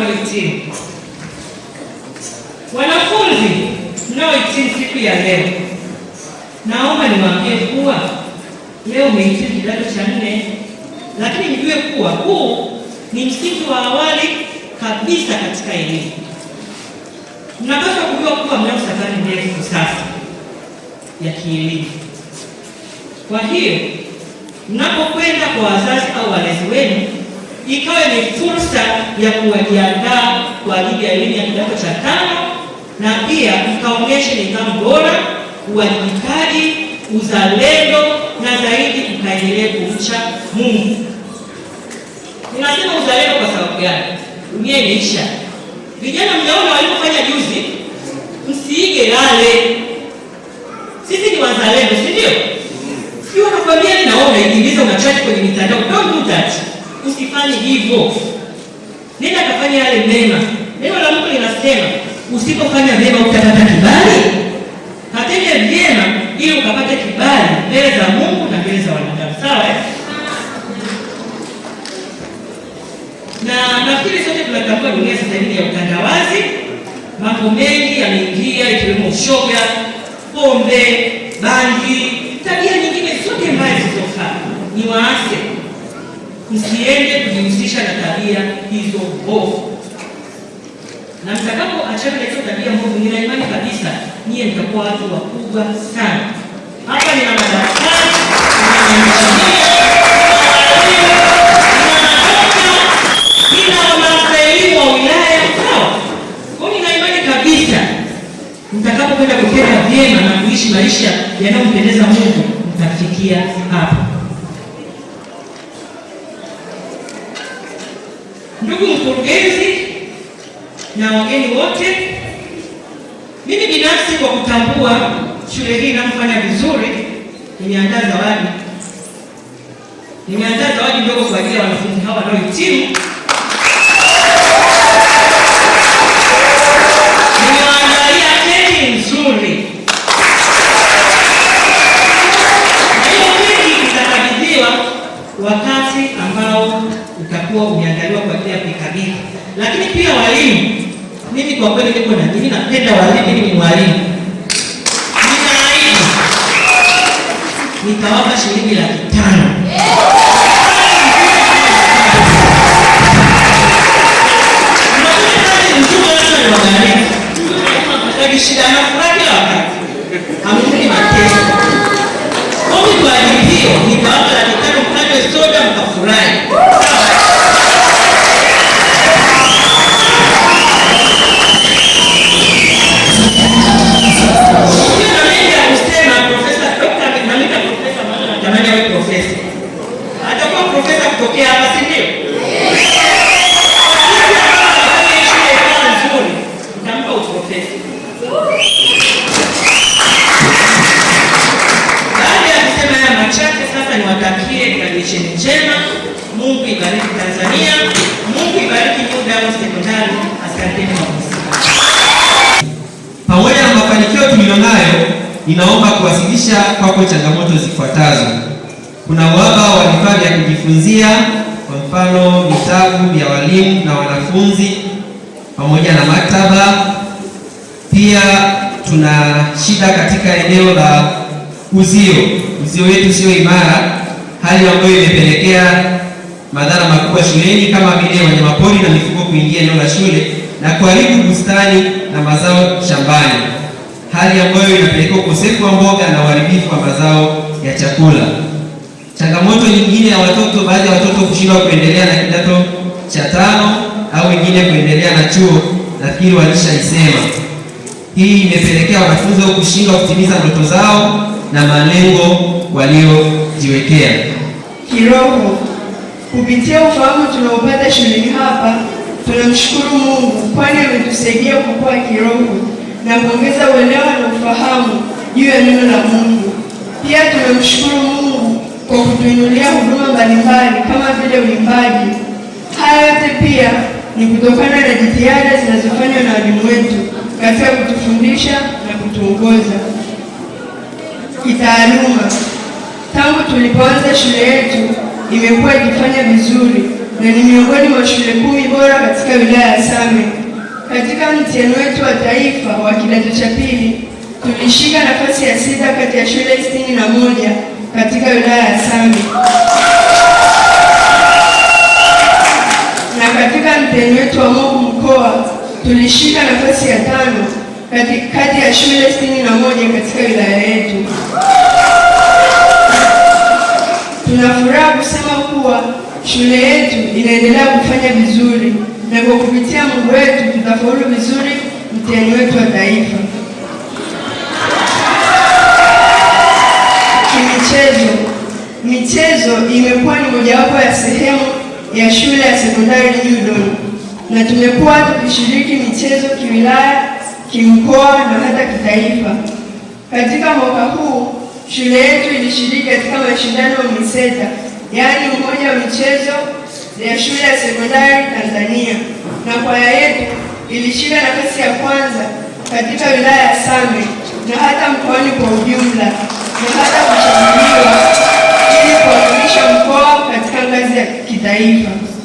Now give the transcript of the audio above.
mliohitimu, wanafunzi mnaohitimu siku ya leo, naomba niwaambie kuwa leo umehitimu kidato cha nne, lakini mjue kuwa huu ni msingi wa awali kabisa katika elimu. Mnapaswa kujua kuwa mnao safari ndefu sasa ya kielimu. Kwa hiyo mnapokwenda kwa wazazi au walezi wenu ikawe ni fursa ya kuwajiandaa kwa ajili ya elimu ya kidato cha tano, na pia mkaonyeshe nidhamu bora, uwajibikaji, uzalendo na zaidi ukaendelee kumcha Mungu. Ninasema uzalendo kwa sababu gani? Dunia imeisha. Vijana mjaona waliofanya juzi, msiige lale. Sisi ni wazalendo, si ndio? Sijui wanakwambia, ninaona ikiingiza unachati kwenye mitandao, don't do that. Usifanye hivyo, nenda kafanya yale mema. Neno la Mungu linasema usipofanya mema utapata kibali. Katende vyema ili ukapate kibali mbele za Mungu na mbele za wanadamu, sawa? Eh? Na nafikiri sote tunatambua dunia sasa hivi ya utandawazi, mambo mengi yameingia, ikiwemo ushoga, pombe, bangi, tabia nyingine zote mbaya zisizofaa. Ni waasi msiende kujihusisha na tabia hizo mbovu, na mtakapoachana na hizo tabia mbovu, nina imani kabisa nyie mtakuwa watu wakubwa sana. Hapa nina madaktari, nina wa wilaya kabisa mtakapokwenda kutenda vyema na kuishi maisha yanayompendeza Mungu, mtafikia hapa. ndugu mkurugenzi na wageni wote, mimi binafsi kwa kutambua shule hii inafanya vizuri, nimeandaa zawadi nimeandaa zawadi ndogo kwa ajili ya wanafunzi hawa wanaohitimu Lakini pia walimu, mimi kwa kweli niko na dini, napenda walimu, ni mwalimu. Nitaahidi nitawapa shilingi laki tano Baada ya kusema haya machache, sasa niwatakie graduation njema. Mungu ibariki Tanzania, Mungu ibariki New Sekondari. Asanteni pamoja na mafanikio tuliyonayo, ninaomba kuwasilisha kwako changamoto zifuatazo. Kuna uhaba wa vifaa vya kujifunzia, kwa mfano vitabu vya walimu na wanafunzi pamoja na maktaba pia tuna shida katika eneo la uzio. Uzio wetu sio imara, hali ambayo imepelekea madhara makubwa shuleni kama vile wanyamapori na mifugo kuingia eneo la shule na kuharibu bustani na mazao shambani, hali ambayo inapelekea ukosefu wa mboga na uharibifu wa mazao ya chakula. Changamoto nyingine ya watoto, baadhi ya watoto kushindwa kuendelea na kidato cha tano au wengine kuendelea na chuo, nafikiri walishaisema. Hii imepelekea wanafunzi wao kushindwa kutimiza ndoto zao na malengo waliojiwekea. Kiroho, kupitia ufahamu tunaopata shuleni hapa, tunamshukuru Mungu kwani ametusaidia kukua kiroho na kuongeza uelewa na ufahamu juu ya neno la Mungu. Pia tunamshukuru Mungu kwa kutuinulia huduma mbalimbali kama vile uimbaji. Haya yote pia ni kutokana na jitihada zinazofanywa na walimu wetu katika kutufundisha na kutuongoza kitaaluma. Tangu tulipoanza shule yetu imekuwa ikifanya vizuri na ni miongoni mwa shule kumi bora katika wilaya ya Same. Katika mtihani wetu wa taifa wa kidato cha pili tulishika nafasi ya sita kati ya shule sitini na moja katika wilaya ya Same. Na katika mtihani wetu wa mogu mkoa tulishika nafasi ya tano kati ya shule sitini na moja katika wilaya yetu. Tunafuraha kusema kuwa shule yetu inaendelea kufanya vizuri na kwa kupitia Mungu wetu tutafaulu vizuri mtihani wetu wa taifa. Kimichezo, michezo imekuwa ni mojawapo ya sehemu ya shule ya sekondari Ugidoni na tumekuwa tukishiriki michezo kiwilaya, kimkoa na hata kitaifa. Katika mwaka huu shule yetu ilishiriki katika mashindano ya MISETA, yaani umoja wa michezo ya shule ya sekondari Tanzania, na kwaya yetu ilishika nafasi ya kwanza katika wilaya ya Same na hata mkoani kwa ujumla na hata kuchaguliwa ili kuwakilisha mkoa katika ngazi ya kitaifa.